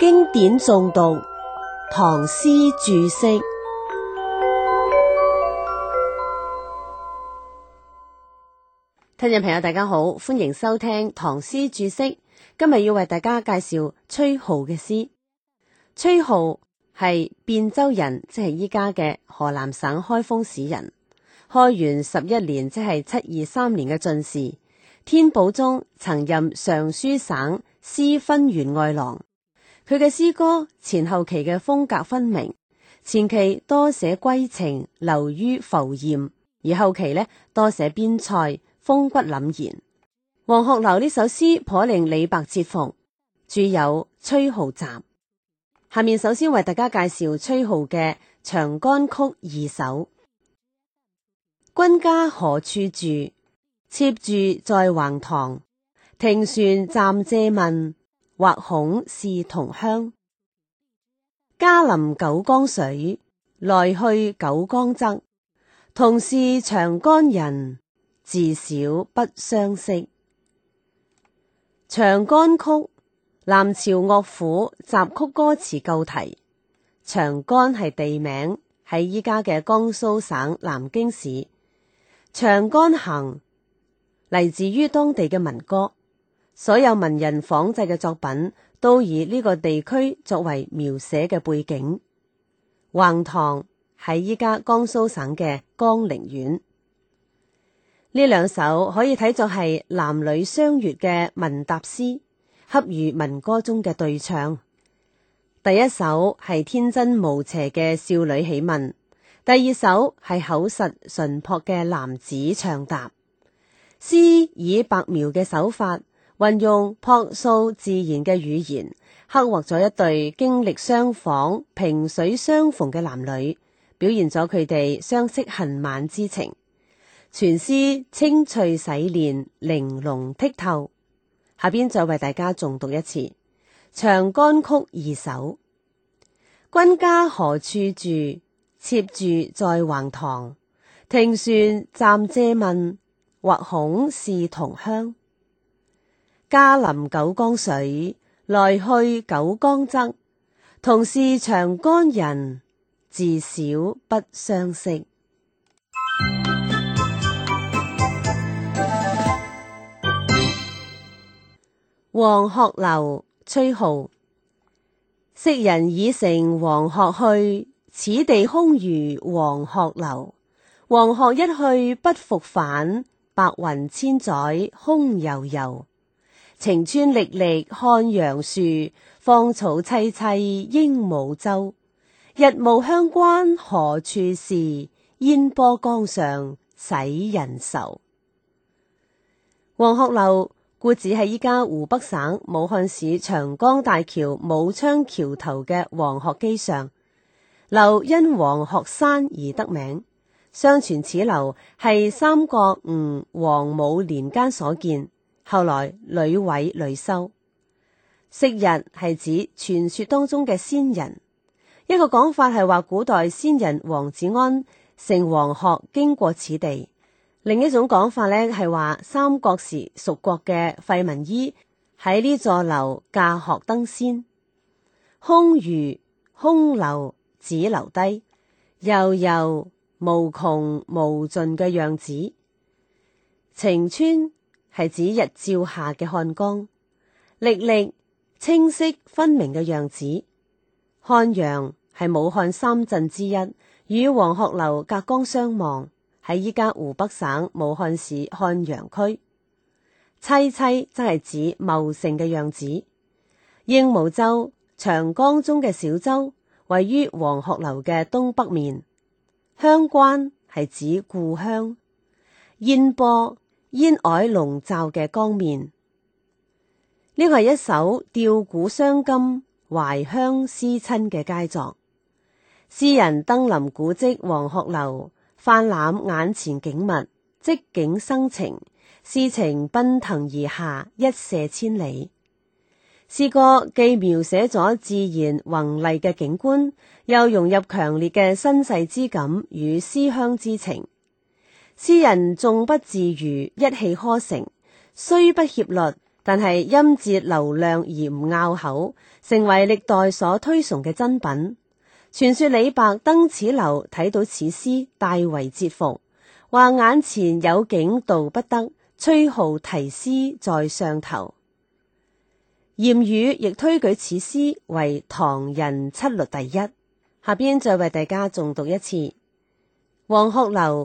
經典誦讀，唐詩註釋。聽眾朋友，大家好，歡迎收聽《唐詩註釋》。今日要為大家介紹崔顥嘅詩。崔顥係汴州人，即係依家嘅河南省開封市人。開元十一年，即係七二三年嘅進士。天寶中，曾任尚書省司勳員外郎。佢嘅詩歌前後期嘅風格分明，前期多寫歸情，流於浮艷，而後期呢，多寫邊塞，風骨凜然。黃鶴樓呢首詩頗令李白折服，著有《崔顥集》。下面首先為大家介紹崔顥嘅《長干曲二首》：君家何處住？妾住在橫塘。停船暫借問，或恐是同鄉，家臨九江水，來去九江側。同是長干人，自小不相識。《長干曲》，南朝樂府雜曲歌詞舊題。長干係地名，喺依家嘅江蘇省南京市。《長干行》嚟自於當地嘅民歌。所有文人仿製嘅作品都以呢個地區作為描寫嘅背景。橫塘係依家江蘇省嘅江陵縣。呢兩首可以睇作係男女相悅嘅問答詩，恰如民歌中嘅對唱。第一首係天真無邪嘅少女起問，第二首係口實純樸嘅男子唱答。詩以白描嘅手法，運用樸素自然嘅語言，刻畫咗一對經歷相仿、萍水相逢嘅男女，表現咗佢哋相識恨晚之情。全詩清脆洗練、玲瓏剔透。下邊再為大家重讀一次《長干曲二首》：君家何處住？妾住在橫塘。停船暫借問，或恐是同鄉。家臨九江水，來去九江側。同是長江人，自小不相識。黃鶴樓，崔顥。昔人已乘黃鶴去，此地空餘黃鶴樓。黃鶴一去不復返，白雲千載空悠悠。晴川歷歷漢陽樹，芳草萋萋鸚鵡洲。日暮鄉關何處是？煙波江上使人愁。黃鶴樓故址係依家湖北省武漢市長江大橋武昌橋頭嘅黃鶴磯上，樓因黃鶴山而得名。相傳此樓係三國吳黃武年間所建。後來屢毀屢修，昔人係指傳說當中嘅仙人。一個講法係話古代仙人王子安乘黃鶴經過此地，另一種講法咧係話三國時蜀國嘅費文偉喺呢座樓駕鶴登仙，空如空樓只留低悠悠無窮無盡嘅樣子，晴川。係指日照下嘅漢江，歷歷清晰分明嘅樣子。漢陽係武漢三鎮之一，與黃鶴樓隔江相望，喺依家湖北省武漢市漢陽區。萋萋則係指茂盛嘅樣子。鸚鵡洲，長江中嘅小洲，位於黃鶴樓嘅東北面。鄉關係指故鄉，煙波。煙靄籠罩嘅江面，呢個係一首吊古傷今、懷鄉思親嘅佳作。詩人登臨古跡黃鶴樓，泛覽眼前景物，即景生情，詩情奔騰而下，一瀉千里。詩歌既描寫咗自然宏麗嘅景觀，又融入強烈嘅身世之感與思鄉之情。詩人縱不自娛，一氣呵成，雖不協律，但係音節流暢而唔拗口，成為歷代所推崇嘅珍品。傳說李白登此樓睇到此詩，大為折服，話眼前有景道不得，崔顥題詩在上頭。嚴羽亦推舉此詩為唐人七律第一。下邊再為大家誦讀一次《黃鶴樓》。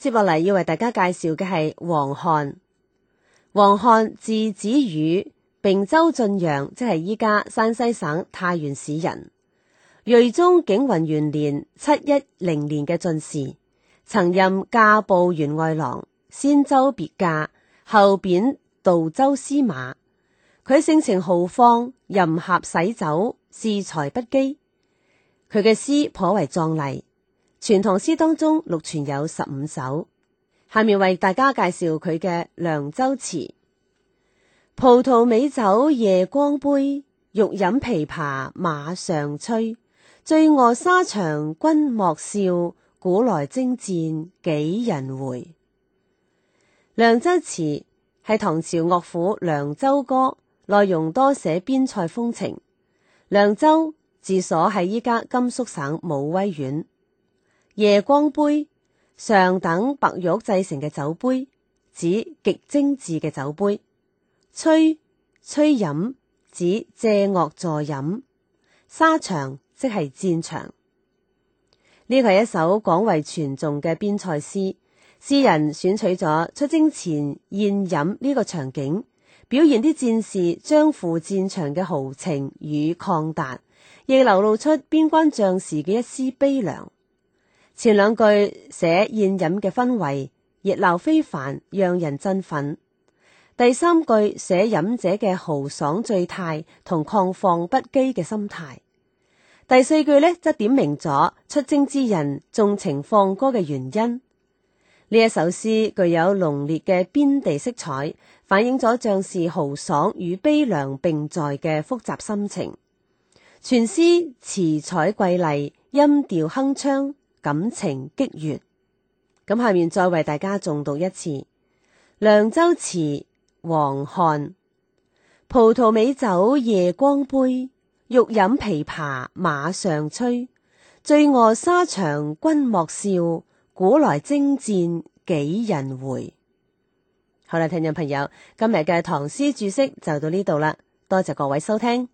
接落嚟，要為大家介紹嘅係王翰。王翰字子羽，並州晉陽，即係依家山西省太原市人。睿宗景雲元年七一零年嘅進士，曾任駕部員外郎、仙州別駕，後貶道州司馬。佢性情豪放，任俠使酒，詩才不羈。佢嘅詩頗為壯麗。全唐詩當中，錄存有十五首。下面為大家介紹佢嘅《涼州詞》：葡萄美酒夜光杯，欲飲琵琶馬上催。醉臥沙場君莫笑，古來征戰幾人回？《涼州詞》係唐朝樂府《涼州歌》，內容多寫邊塞風情。涼州治所係依家甘肅省武威縣。夜光杯，上等白玉製成嘅酒杯，指極精致嘅酒杯。吹，吹飲，指借樂助飲。沙場，即係戰場。呢個係一首廣為傳頌嘅邊塞詩，詩人選取咗出征前宴飲呢個場景，表現啲戰士將赴戰場嘅豪情與曠達，亦流露出邊關將士嘅一絲悲涼。前兩句寫宴飲嘅氛圍熱鬧非凡，讓人振奮。第三句寫飲者嘅豪爽醉態同曠放不羈嘅心態。第四句呢則點明咗出征之人縱情放歌嘅原因。呢一首詩具有濃烈嘅邊地色彩，反映咗將士豪爽與悲涼並在嘅複雜心情。全詩辭采瑰麗，音調鏗鏘。感情激越，咁下面再為大家誦讀一次《涼州詞》。王翰：葡萄美酒夜光杯，欲飲琵琶馬上催。醉卧、呃、沙場君莫笑，古來征戰幾人回？好啦，聽眾朋友，今日嘅唐詩注釋就到呢度啦，多謝各位收聽。